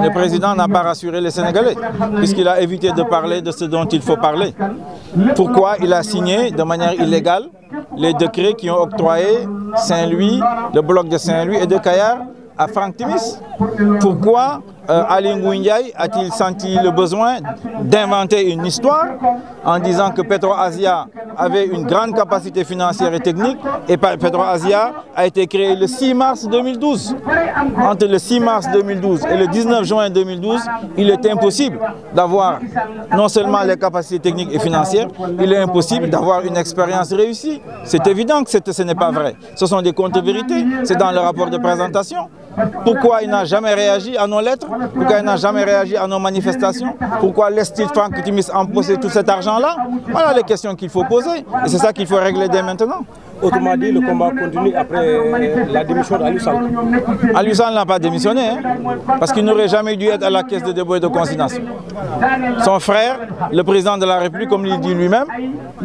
Le président n'a pas rassuré les Sénégalais, puisqu'il a évité de parler de ce dont il faut parler. Pourquoi il a signé de manière illégale les décrets qui ont octroyé Saint-Louis, le bloc de Saint-Louis et de Kayar à Franck Timis Pourquoi Euh, Ali Ngouindiaï a-t-il le besoin d'inventer une histoire en disant que PetroAsia avait une grande capacité financière technique et PetroAsia a été créé le 6 mars 2012. Entre il est impossible d'avoir non seulement les capacités techniques et financières, il est impossible d'avoir une Pourquoi il n'a jamais réagi à nos lettres Pourquoi il n'a jamais réagi à nos manifestations Pourquoi laisse-t-il Franck Timis emposer tout cet argent-là Voilà les questions qu'il faut poser. Et c'est ça qu'il faut régler dès maintenant. Autrement dit, le combat continue après la démission d'Aliou Sall. Aliou Sall n'a pas démissionné, hein, parce qu'il n'aurait jamais dû être à la caisse de dépôt et de consignation. Son frère, le président de la République, comme il dit lui-même,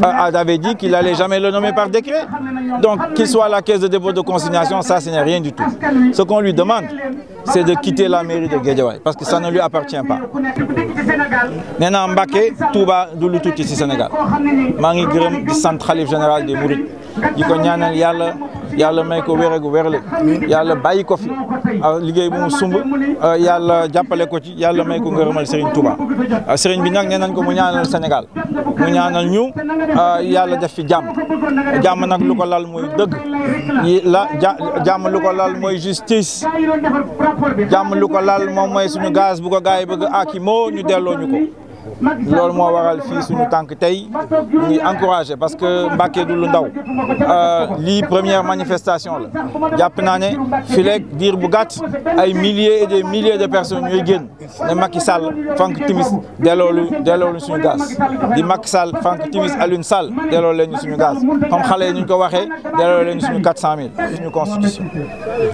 euh, avait dit qu'il n'allait jamais le nommer par décret. Donc qu'il soit à la caisse de dépôt et de consignation, ça, ce n'est rien du tout. Ce qu'on lui demande, c'est de quitter la mairie de Guédiawaye, parce que ça ne lui appartient pas. Maintenant, Mbaké, Touba, Douloutout ici Sénégal. Mangi Grem, centralier général des Mourides. di ko ñaanal yàlla yàlla may ko wér ak wérle yàlla bàyyi ko fi ah, liggéey bu mu sumb ah, yàlla jàppale ko ci yàlla may ko ngërëmal Serigne tuba ah, Serigne bi nag nee nañ ko mu ñaanal senegal mu ñaanal ñu yàlla def fi jàmm jàmm nag lu ko lal mooy dëgg la lu ko lal mooy justice jàmm lu ko lal moom mooy suñu gaz bu ko gars yi bëgg aki moo ñu delloo ñu ko loolu moo waral fii suñu tànk tey ñu ngi encouragé parce que Mbacké du lu ndaw euh, lii première manifestation la jàpp naa ne fileeg diir bu gàtt ay milier et des milliers de personnes ñooy génn ne Macky Sall fank timis delloolu delloolu su gaz di Macky Sall fank timis Alioune Sall delloo leen ñu suñu gaz comme xale yi ñu ko waxee delloo leen ñu suñu 400 000 suñu constitution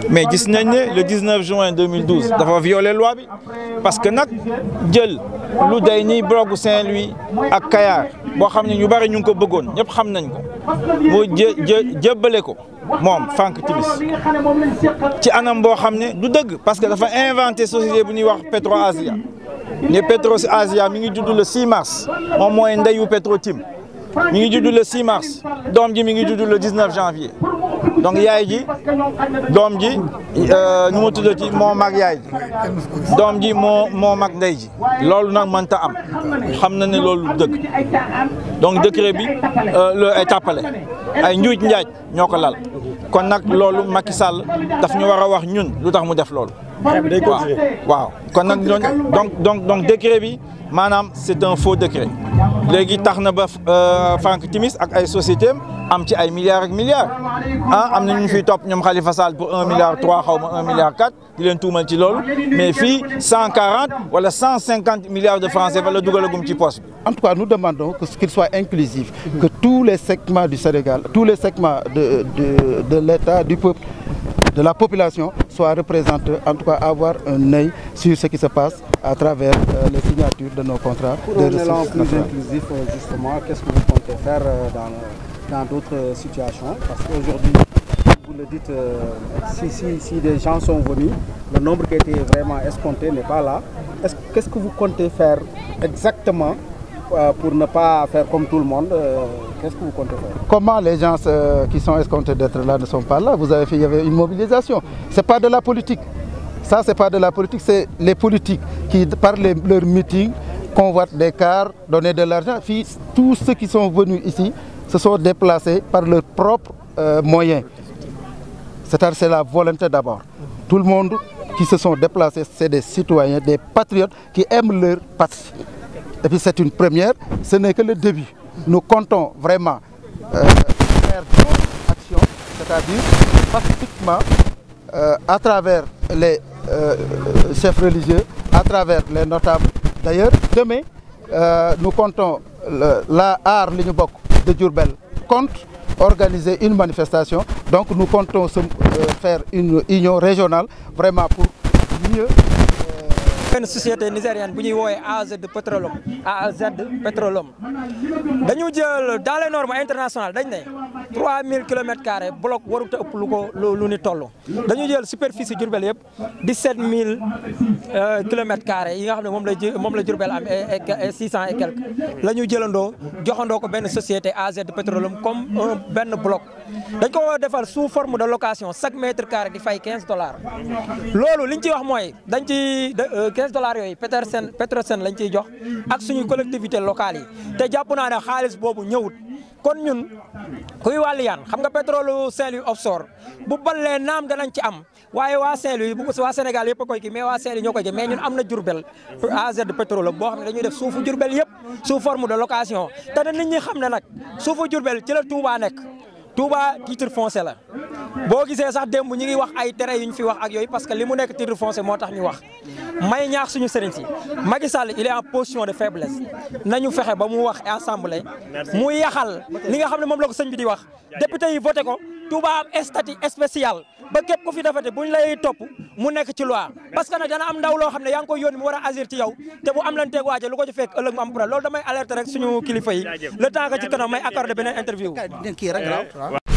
mais gis nañ ne le 19 juin 2012 dafa violé loi bi parce que nag jël lu day drogue Saint-Louis ak Kayar boo xam ne ñu bari ñu ngi ko bëggoon ñëpp xam nañ ko mu jë jébbale ko moom Frank Timis ci anam boo xam ne du dëgg parce que dafa inventé société bu ñuy wax Petro Asia ne Petro Asia mi ngi judd le 6 mars moom mooy ndeyu Petro Tim mi ngi judd le 6 mars doom ji mi ngi judd le 19 janvier. donc yaay ji doom ji ñu euh, ma tuddee ci moo mag yaay ji doom ji moo moo mag nday ji loolu na mënta am xam na ne loolu dëgg donc décret bi euh, loo ay tàppale ay njuuj njaaj ñoo ko lal kon nag loolu Macky Sall daf ñu war a wax ñun lu tax mu def loolu waaw waaw kon nag ñooñu donc donc donc décret bi maanaam c'est un faux décret léegi tax na ba euh, Franck Timis ak ay sociétés am ci ay milliards ak milliards ah am na ñu fi topp ñoom Khalifa Sall pour un milliard trois xaw ma un milliard quatre di leen tuumal ci loolu mais fii cent quarante wala cent cinquante milliards de francs CFA la dugalagum ci poste bi. en tout cas nous demandons que qu'il soit inclusif que tous les segments du Sénégal tous les segments de de de l'État du peuple. de la population soit représentée, en tout cas avoir un œil sur ce qui se passe à travers euh, les signatures de nos contrats. Pour de un élan plus naturelles. inclusif, euh, justement, qu'est-ce que vous comptez faire euh, dans d'autres situations Parce qu'aujourd'hui, vous le dites, euh, si, si, si, des gens sont venus, le nombre qui était vraiment escompté n'est pas là. Qu'est-ce qu que vous comptez faire exactement Euh, pour ne pas faire comme tout le monde, euh, qu'est-ce que vous comptez faire Comment les gens euh, qui sont escomptés d'être là ne sont pas là Vous avez fait, une mobilisation. Ce pas de la politique. Ça, ce n'est pas de c'est les politiques qui, par les, leurs meetings, convoitent des cars, donnent de l'argent. Tous ceux qui sont venus ici se sont déplacés par leurs propres euh, moyens. cest à la volonté d'abord. Tout le monde qui se sont déplacés, c'est des citoyens, des patriotes qui aiment leur patrie. Et puis c'est une première, ce n'est que le début. Nous comptons vraiment euh, faire d'autres actions, c'est-à-dire pacifiquement, euh, à travers les euh, chefs religieux, à travers les notables. D'ailleurs, demain, euh, nous comptons le, la art Lignobok de Djurbel compte organiser une manifestation. Donc nous comptons se, euh, faire une union régionale vraiment pour mieux benn société nigériane bu ñuy woowee AZ Petroleum AZ Petroleum dañu jël dans les normes internationales dañ ne 3000 kilomètres carrés bloc warut a ëpp lu ko lu ni toll. dañu jël superficie Diourbel yëpp 17000 euh, kilomètres carrés yi nga xam ne moom la ji moom la Diourbel am et 600 et quelque la ñu jëlandoo joxandoo ko benn société AZ Petroleum comme benn bloc. dañ ko defal sous forme de location chaque mètre carré di fay 15 dollars loolu li ñu ciy wax mooy dañ ci 15 euh, dollars yooyu Petersen Petrosen lañ ciy jox ak suñu collectivité locale yi te jàpp naa ne xaalis boobu ñëwut. kon ñun kuy wàllu yaan xam nga pétrole Saint-Louis offshore bu ballee naam danañ ci am waaye waa Saint-Louis bu waa Sénégal yëpp a koy kii mais waa Saint-Louis ñoo koy jë mais ñun am na Diourbel AZ pétrole boo xam ne dañuy def suufu Diourbel yëpp sous forme de location te nit ñi xam ne nag suufu Diourbel ci la Touba nekk Touba titre foncier la boo gisee sax demb ñi ngi wax ay tere yuñ fi wax ak yooyu parce que li mu nekk titre foncier moo tax ñu wax may ñaax suñu sëriñ si Macky il est en de faiblesse nañu fexe ba mu wax assemblée mu yaxal li nga xam ne moom la ko sëñ bi di wax député yi voté ko Touba am statut ba képp ku fi defate buñ lay topp mu nekk ci loi parce que nag dana am ndaw loo xam ne yaa ngi mu war a agir ci yow te bu am lan teeg waaje lu ko ci fekk ëllëg